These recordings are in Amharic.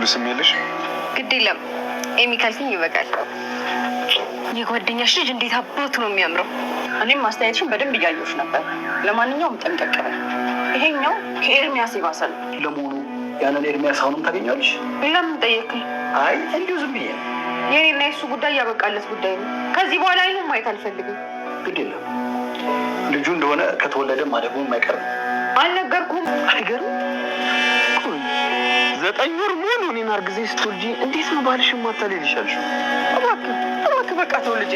ሙሉ ስም የለሽ? ግድ የለም ኤሚ ካልሽኝ ይበቃል። የጓደኛሽ ልጅ እንዴት አባቱ ነው የሚያምረው። እኔም አስተያየትሽን በደንብ እያየሁሽ ነበር። ለማንኛውም ጠንቀቅ በይ። ይሄኛው ከኤርሚያስ ይባሳል። ለመሆኑ ያንን ኤርሚያስ አሁንም ታገኛለሽ? ለምን ጠየቅኝ? አይ እንዲሁ ዝም ብዬ። የእኔና የሱ ጉዳይ እያበቃለት ጉዳይ ነው። ከዚህ በኋላ አይኑን ማየት አልፈልግም። ግድ የለም ልጁ እንደሆነ ከተወለደ ማደጉ አይቀርም። አልነገርኩም። አይገርም ዘጠኝ ወር ሙሉ እኔን አርግዘሽ ስትወልጂ እንዴት ነው ባልሽ ማታለል ይሻልሽ? እባክህ እባክህ፣ በቃ ተው ልጄ።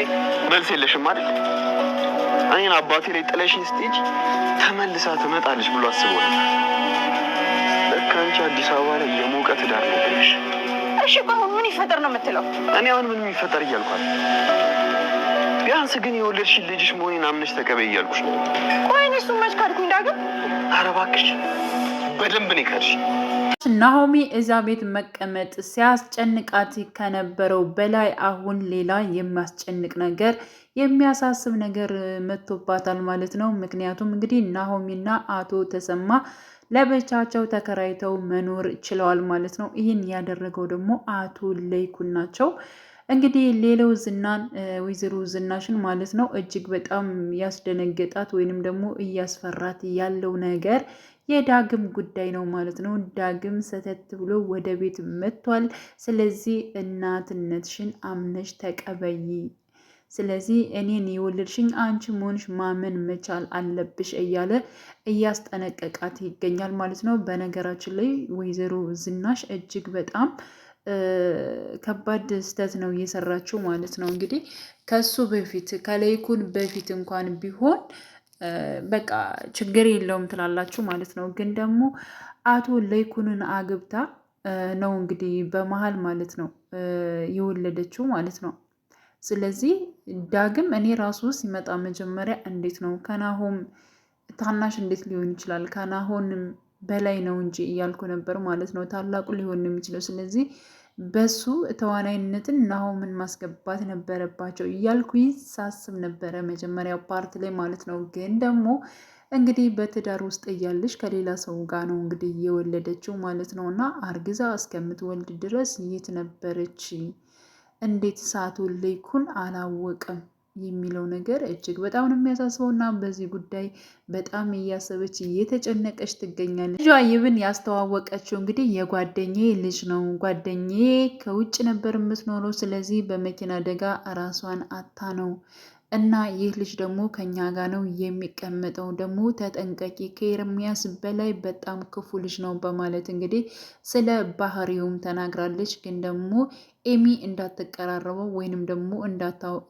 መልስ የለሽም አይደል? እኔን አባቴ ላይ ጥለሽኝ ስትሄጂ ተመልሳ ትመጣለች ብሎ አስቦ ነው። ለካ አንቺ አዲስ አበባ ላይ የሞቀ ትዳር ነው ብለሽ። እሺ እኮ አሁን ምን ይፈጠር ነው የምትለው? እኔ አሁን ምንም ይፈጠር እያልኳል። ቢያንስ ግን የወለድሽን ልጅሽ መሆኔን አምነሽ ተቀበይ እያልኩሽ ነው። ቆይ እኔ እሱን መች ካድኩኝ ዳግም? ኧረ እባክሽ በደንብ ነው የካድሽ ናሆሚ እዛ ቤት መቀመጥ ሲያስጨንቃት ከነበረው በላይ አሁን ሌላ የሚያስጨንቅ ነገር የሚያሳስብ ነገር መጥቶባታል ማለት ነው። ምክንያቱም እንግዲህ ናሆሚና አቶ ተሰማ ለብቻቸው ተከራይተው መኖር ችለዋል ማለት ነው። ይህን ያደረገው ደግሞ አቶ ለይኩን ናቸው። እንግዲህ ሌላው ዝናን ወይዘሮ ዝናሽን ማለት ነው እጅግ በጣም ያስደነገጣት ወይንም ደግሞ እያስፈራት ያለው ነገር የዳግም ጉዳይ ነው ማለት ነው። ዳግም ሰተት ብሎ ወደ ቤት መጥቷል። ስለዚህ እናትነትሽን አምነሽ ተቀበይ ስለዚህ እኔን የወለድሽኝ አንቺ መሆንሽ ማመን መቻል አለብሽ እያለ እያስጠነቀቃት ይገኛል ማለት ነው። በነገራችን ላይ ወይዘሮ ዝናሽ እጅግ በጣም ከባድ ስህተት ነው እየሰራችው ማለት ነው። እንግዲህ ከሱ በፊት ከለይኩን በፊት እንኳን ቢሆን በቃ ችግር የለውም ትላላችሁ ማለት ነው። ግን ደግሞ አቶ ለይኩንን አግብታ ነው እንግዲህ በመሀል ማለት ነው የወለደችው ማለት ነው። ስለዚህ ዳግም እኔ ራሱ ሲመጣ መጀመሪያ እንዴት ነው ከናሆም ታናሽ እንዴት ሊሆን ይችላል? ከናሆንም በላይ ነው እንጂ እያልኩ ነበር ማለት ነው። ታላቁ ሊሆን ነው የሚችለው። ስለዚህ በሱ ተዋናይነትን ናሆምን ማስገባት ነበረባቸው እያልኩ ሳስብ ነበረ መጀመሪያ ፓርት ላይ ማለት ነው። ግን ደግሞ እንግዲህ በትዳር ውስጥ እያለች ከሌላ ሰው ጋር ነው እንግዲህ እየወለደችው ማለት ነው። እና አርግዛ እስከምትወልድ ድረስ የት ነበረች? እንዴት ሰዓቱ ልኩን አላወቀም የሚለው ነገር እጅግ በጣም ነው የሚያሳስበው እና በዚህ ጉዳይ በጣም እያሰበች እየተጨነቀች ትገኛለች። ልጇ ይብን ያስተዋወቀችው እንግዲህ የጓደኜ ልጅ ነው፣ ጓደኜ ከውጭ ነበር የምትኖረው፣ ስለዚህ በመኪና አደጋ ራሷን አታ ነው እና ይህ ልጅ ደግሞ ከኛ ጋር ነው የሚቀመጠው። ደግሞ ተጠንቀቂ፣ ከኤርሚያስ በላይ በጣም ክፉ ልጅ ነው በማለት እንግዲህ ስለ ባህሪውም ተናግራለች። ግን ደግሞ ኤሚ እንዳትቀራረበው ወይንም ደግሞ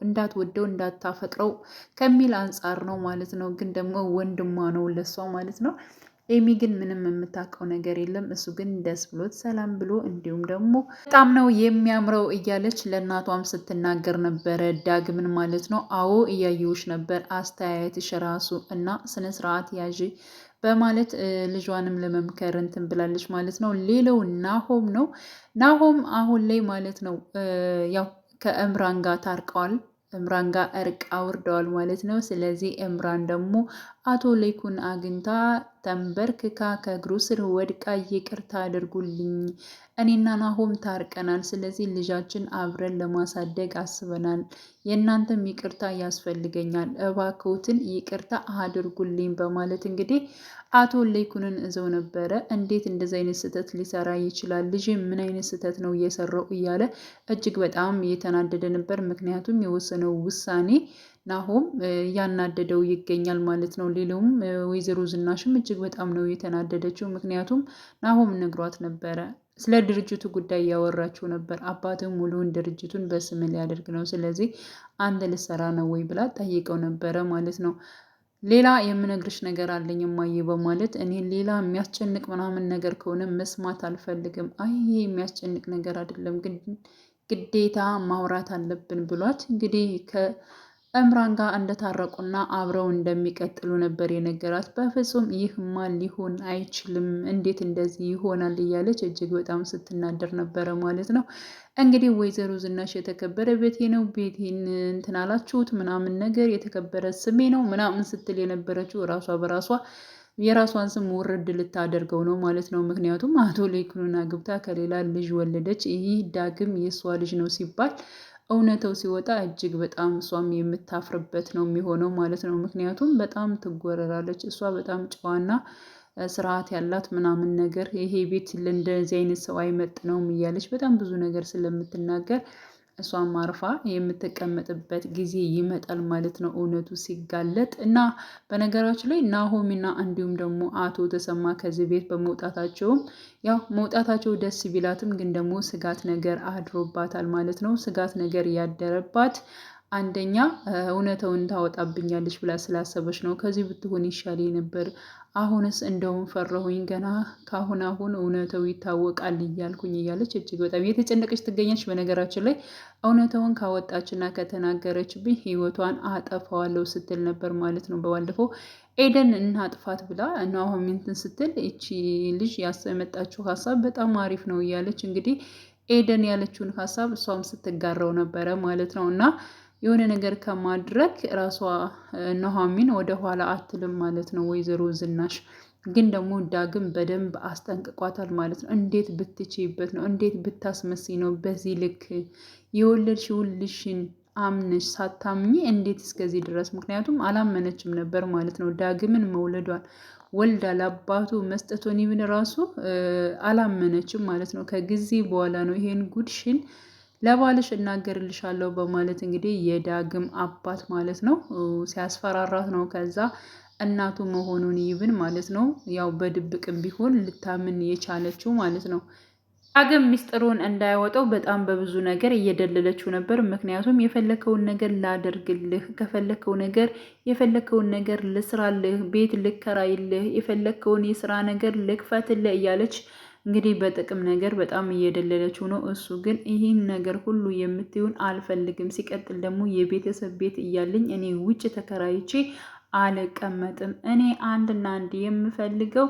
እንዳትወደው እንዳታፈቅረው ከሚል አንጻር ነው ማለት ነው። ግን ደግሞ ወንድሟ ነው ለሷ ማለት ነው። ኤሚ ግን ምንም የምታውቀው ነገር የለም። እሱ ግን ደስ ብሎት ሰላም ብሎ እንዲሁም ደግሞ በጣም ነው የሚያምረው እያለች ለእናቷም ስትናገር ነበረ፣ ዳግምን ማለት ነው። አዎ እያየሁሽ ነበር፣ አስተያየትሽ ራሱ እና ስነ ስርዓት ያዥ በማለት ልጇንም ለመምከር እንትን ብላለች ማለት ነው። ሌላው ናሆም ነው። ናሆም አሁን ላይ ማለት ነው ያው ከእምራን ጋር ታርቀዋል። እምራን ጋር እርቅ አውርደዋል ማለት ነው። ስለዚህ እምራን ደግሞ አቶ ሌኩን አግኝታ ተንበርክካ ከእግሩ ስር ወድቃ ይቅርታ አድርጉልኝ፣ እኔና ናሆም ታርቀናል። ስለዚህ ልጃችን አብረን ለማሳደግ አስበናል። የእናንተም ይቅርታ ያስፈልገኛል። እባክዎትን ይቅርታ አድርጉልኝ በማለት እንግዲህ አቶ ሌኩንን እዘው ነበረ። እንዴት እንደዚህ አይነት ስህተት ሊሰራ ይችላል? ልጅ ምን አይነት ስህተት ነው እየሰራው? እያለ እጅግ በጣም የተናደደ ነበር። ምክንያቱም የወሰነው ውሳኔ ናሆም እያናደደው ይገኛል ማለት ነው። ሌላውም ወይዘሮ ዝናሽም እጅግ በጣም ነው የተናደደችው። ምክንያቱም ናሆም ነግሯት ነበረ ስለ ድርጅቱ ጉዳይ እያወራችው ነበር። አባትም ሙሉውን ድርጅቱን በስም ሊያደርግ ነው፣ ስለዚህ አንተ ልትሰራ ነው ወይ ብላ ጠይቀው ነበረ ማለት ነው። ሌላ የምነግርሽ ነገር አለኝ እማዬ በማለት እኔ ሌላ የሚያስጨንቅ ምናምን ነገር ከሆነ መስማት አልፈልግም። አይ ይሄ የሚያስጨንቅ ነገር አይደለም፣ ግዴታ ማውራት አለብን ብሏት እንግዲህ እምራን ጋር እንደታረቁና አብረው እንደሚቀጥሉ ነበር የነገራት። በፍጹም ይህማ ሊሆን አይችልም፣ እንዴት እንደዚህ ይሆናል እያለች እጅግ በጣም ስትናደር ነበረ ማለት ነው። እንግዲህ ወይዘሮ ዝናሽ የተከበረ ቤቴ ነው ቤቴን እንትን አላችሁት ምናምን ነገር የተከበረ ስሜ ነው ምናምን ስትል የነበረችው ራሷ በራሷ የራሷን ስም ውርድ ልታደርገው ነው ማለት ነው። ምክንያቱም አቶ ሌክኑን አግብታ ከሌላ ልጅ ወለደች። ይህ ዳግም የእሷ ልጅ ነው ሲባል እውነተው ሲወጣ እጅግ በጣም እሷም የምታፍርበት ነው የሚሆነው ማለት ነው። ምክንያቱም በጣም ትጎረራለች። እሷ በጣም ጨዋና ስርዓት ያላት ምናምን ነገር ይሄ ቤት ለእንደዚህ አይነት ሰው አይመጥነውም እያለች በጣም ብዙ ነገር ስለምትናገር እሷም አርፋ የምትቀመጥበት ጊዜ ይመጣል ማለት ነው እውነቱ ሲጋለጥ። እና በነገራችን ላይ ናሆሚና እንዲሁም ደግሞ አቶ ተሰማ ከዚህ ቤት በመውጣታቸውም ያው መውጣታቸው ደስ ቢላትም ግን ደግሞ ስጋት ነገር አድሮባታል ማለት ነው። ስጋት ነገር ያደረባት አንደኛ እውነተውን ታወጣብኛለች ብላ ስላሰበች ነው። ከዚህ ብትሆን ይሻል ነበር። አሁንስ እንደውም ፈራሁኝ። ገና ካሁን አሁን እውነተው ይታወቃል እያልኩኝ እያለች እጅግ በጣም የተጨነቀች ትገኛለች። በነገራችን ላይ እውነተውን ካወጣችና ከተናገረችብኝ ህይወቷን አጠፋዋለሁ ስትል ነበር ማለት ነው። በባለፈው ኤደን እናጥፋት ብላ እና አሁን ምንትን ስትል እቺ ልጅ ያስመጣችው ሀሳብ በጣም አሪፍ ነው እያለች እንግዲህ ኤደን ያለችውን ሀሳብ እሷም ስትጋራው ነበረ ማለት ነው እና የሆነ ነገር ከማድረግ ራሷ ኑሐሚን ወደኋላ አትልም ማለት ነው። ወይዘሮ ዝናሽ ግን ደግሞ ዳግም በደንብ አስጠንቅቋታል ማለት ነው። እንዴት ብትችይበት ነው? እንዴት ብታስመስኝ ነው? በዚህ ልክ የወለድሽውን ልሽን አምነሽ ሳታምኚ እንዴት እስከዚህ ድረስ? ምክንያቱም አላመነችም ነበር ማለት ነው። ዳግምን መውለዷል ወልዳ ለአባቱ መስጠቶን ይብን ራሱ አላመነችም ማለት ነው። ከጊዜ በኋላ ነው ይሄን ጉድሽን ለባልሽ እናገርልሻለሁ በማለት እንግዲህ የዳግም አባት ማለት ነው ሲያስፈራራት ነው ከዛ እናቱ መሆኑን ይብን ማለት ነው ያው በድብቅም ቢሆን ልታምን የቻለችው ማለት ነው። ዳግም ሚስጥሩን እንዳያወጣው በጣም በብዙ ነገር እየደለለችው ነበር። ምክንያቱም የፈለከውን ነገር ላደርግልህ፣ ከፈለከው ነገር የፈለከውን ነገር ልስራልህ፣ ቤት ልከራይልህ፣ የፈለከውን የስራ ነገር ልክፈትልህ እያለች እንግዲህ በጥቅም ነገር በጣም እየደለለችው ነው። እሱ ግን ይህን ነገር ሁሉ የምትሆን አልፈልግም። ሲቀጥል ደግሞ የቤተሰብ ቤት እያለኝ እኔ ውጭ ተከራይቼ አልቀመጥም። እኔ አንድና አንድ የምፈልገው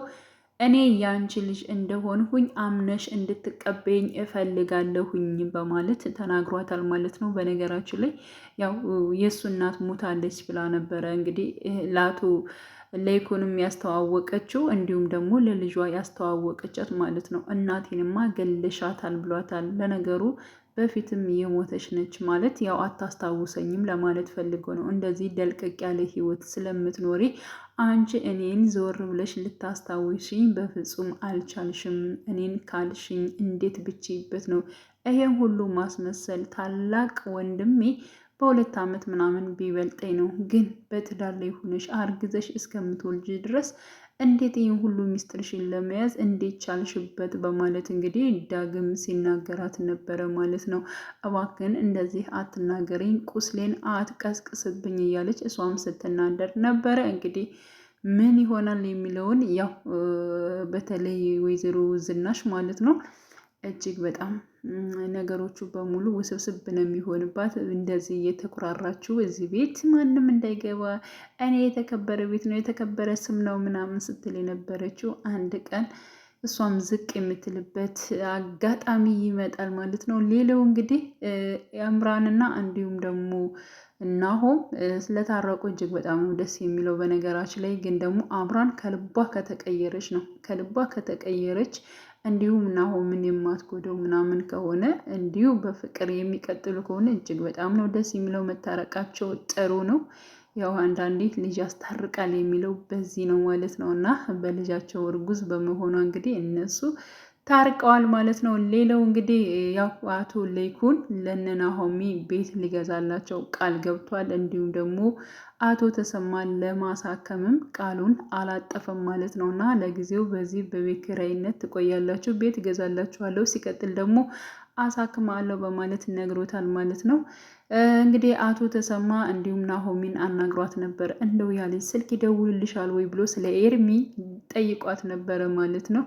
እኔ ያንቺ ልጅ እንደሆንሁኝ አምነሽ እንድትቀበኝ እፈልጋለሁኝ በማለት ተናግሯታል ማለት ነው። በነገራችን ላይ ያው የእሱ እናት ሞታለች ብላ ነበረ እንግዲህ ላቱ ለኢኮኖሚ ያስተዋወቀችው እንዲሁም ደግሞ ለልጇ ያስተዋወቀቻት ማለት ነው። እናቴንማ ገልሻታል ብሏታል። ለነገሩ በፊትም የሞተች ነች ማለት ያው አታስታውሰኝም ለማለት ፈልጎ ነው። እንደዚህ ደልቀቅ ያለ ህይወት ስለምትኖሪ አንቺ እኔን ዞር ብለሽ ልታስታውሽኝ በፍጹም አልቻልሽም። እኔን ካልሽኝ እንዴት ብቼበት ነው ይሄን ሁሉ ማስመሰል ታላቅ ወንድሜ በሁለት ዓመት ምናምን ቢበልጠኝ ነው። ግን በትዳር ላይ ሆነሽ አርግዘሽ እስከምትወልጅ ድረስ እንዴት ይህን ሁሉ ሚስጥርሽን ለመያዝ እንዴት ቻልሽበት? በማለት እንግዲህ ዳግም ሲናገራት ነበረ ማለት ነው። እባክን እንደዚህ አትናገሪኝ፣ ቁስሌን አትቀስቅስብኝ እያለች እሷም ስትናደር ነበረ እንግዲህ ምን ይሆናል የሚለውን ያው በተለይ ወይዘሮ ዝናሽ ማለት ነው እጅግ በጣም ነገሮቹ በሙሉ ውስብስብ ነው የሚሆንባት። እንደዚህ እየተኩራራችሁ እዚህ ቤት ማንም እንዳይገባ እኔ የተከበረ ቤት ነው የተከበረ ስም ነው ምናምን ስትል የነበረችው አንድ ቀን እሷም ዝቅ የምትልበት አጋጣሚ ይመጣል ማለት ነው። ሌላው እንግዲህ አምራንና እንዲሁም ደግሞ ናሆም ስለታረቁ እጅግ በጣም ደስ የሚለው በነገራችን ላይ ግን ደግሞ አምራን ከልቧ ከተቀየረች ነው ከልቧ ከተቀየረች እንዲሁም ናሆምን የማትጎደው ምናምን ከሆነ እንዲሁ በፍቅር የሚቀጥሉ ከሆነ እጅግ በጣም ነው ደስ የሚለው። መታረቃቸው ጥሩ ነው። ያው አንዳንዴ ልጅ ያስታርቃል የሚለው በዚህ ነው ማለት ነው እና በልጃቸው እርጉዝ በመሆኗ እንግዲህ እነሱ ታርቀዋል ማለት ነው። ሌላው እንግዲህ ያው አቶ ለይኩን ለነናሆሚ ቤት ሊገዛላቸው ቃል ገብቷል። እንዲሁም ደግሞ አቶ ተሰማ ለማሳከምም ቃሉን አላጠፈም ማለት ነው እና ለጊዜው በዚህ በቤት ኪራይነት ትቆያላችሁ፣ ቤት እገዛላችኋለሁ፣ ሲቀጥል ደግሞ አሳክማለሁ በማለት ነግሮታል ማለት ነው። እንግዲህ አቶ ተሰማ እንዲሁም ናሆሚን አናግሯት ነበር። እንደው ያለች ስልክ ይደውልልሻል ወይ ብሎ ስለ ኤርሚ ጠይቋት ነበረ ማለት ነው።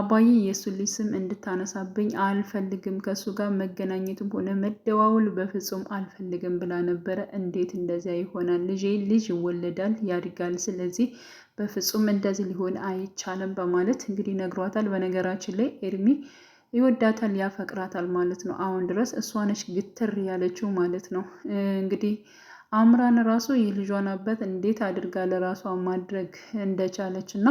አባዬ የእሱን ልጅ ስም እንድታነሳብኝ አልፈልግም፣ ከእሱ ጋር መገናኘትም ሆነ መደዋወል በፍጹም አልፈልግም ብላ ነበረ። እንዴት እንደዚያ ይሆናል? ልጄ ልጅ ይወለዳል፣ ያድጋል። ስለዚህ በፍጹም እንደዚህ ሊሆን አይቻልም በማለት እንግዲህ ነግሯታል። በነገራችን ላይ ኤርሚ ይወዳታል፣ ያፈቅራታል ማለት ነው። አሁን ድረስ እሷ ነች ግትር ያለችው ማለት ነው። እንግዲህ አምራን ራሱ የልጇን አባት እንዴት አድርጋ ለራሷ ማድረግ እንደቻለች እና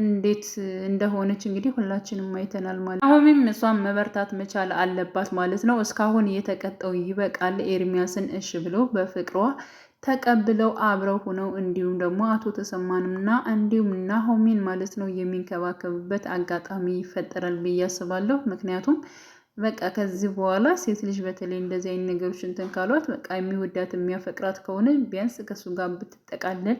እንዴት እንደሆነች እንግዲህ ሁላችንም አይተናል ማለት አሁንም እሷን መበርታት መቻል አለባት ማለት ነው። እስካሁን እየተቀጠው ይበቃል። ኤርሚያስን እሽ ብሎ በፍቅሯ ተቀብለው አብረው ሆነው እንዲሁም ደግሞ አቶ ተሰማንምና እንዲሁም ናሆሚን ማለት ነው የሚንከባከብበት አጋጣሚ ይፈጠራል ብዬ አስባለሁ። ምክንያቱም በቃ ከዚህ በኋላ ሴት ልጅ በተለይ እንደዚህ አይነት ነገሮች እንትን ካሏት በቃ የሚወዳት የሚያፈቅራት ከሆነ ቢያንስ ከሱ ጋር ብትጠቃለል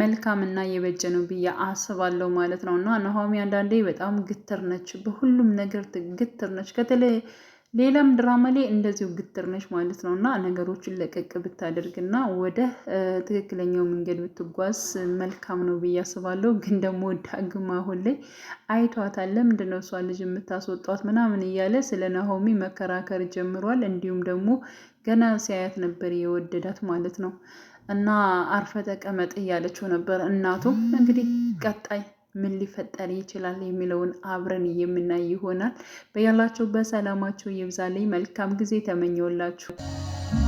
መልካምና የበጀ ነው ብዬ አስባለሁ ማለት ነው። እና ናሆሚ አንዳንዴ በጣም ግትር ነች፣ በሁሉም ነገር ግትር ነች። ከተለይ ሌላም ድራማ ላይ እንደዚሁ ግትር ነች ማለት ነው። እና ነገሮችን ለቀቅ ብታደርግና ወደ ትክክለኛው መንገድ ብትጓዝ መልካም ነው ብዬ አስባለሁ። ግን ደግሞ ዳግም አሁን ላይ አይቷታል። ለምንድነው እሷ ልጅ የምታስወጧት ምናምን እያለ ስለ ናሆሚ መከራከር ጀምሯል። እንዲሁም ደግሞ ገና ሲያያት ነበር የወደዳት ማለት ነው። እና አርፈ ተቀመጥ እያለችው ነበር እናቱ። እንግዲህ ቀጣይ ምን ሊፈጠር ይችላል የሚለውን አብረን የምናይ ይሆናል። በያላችሁበት ሰላማችሁ ይብዛልኝ። መልካም ጊዜ ተመኘውላችሁ።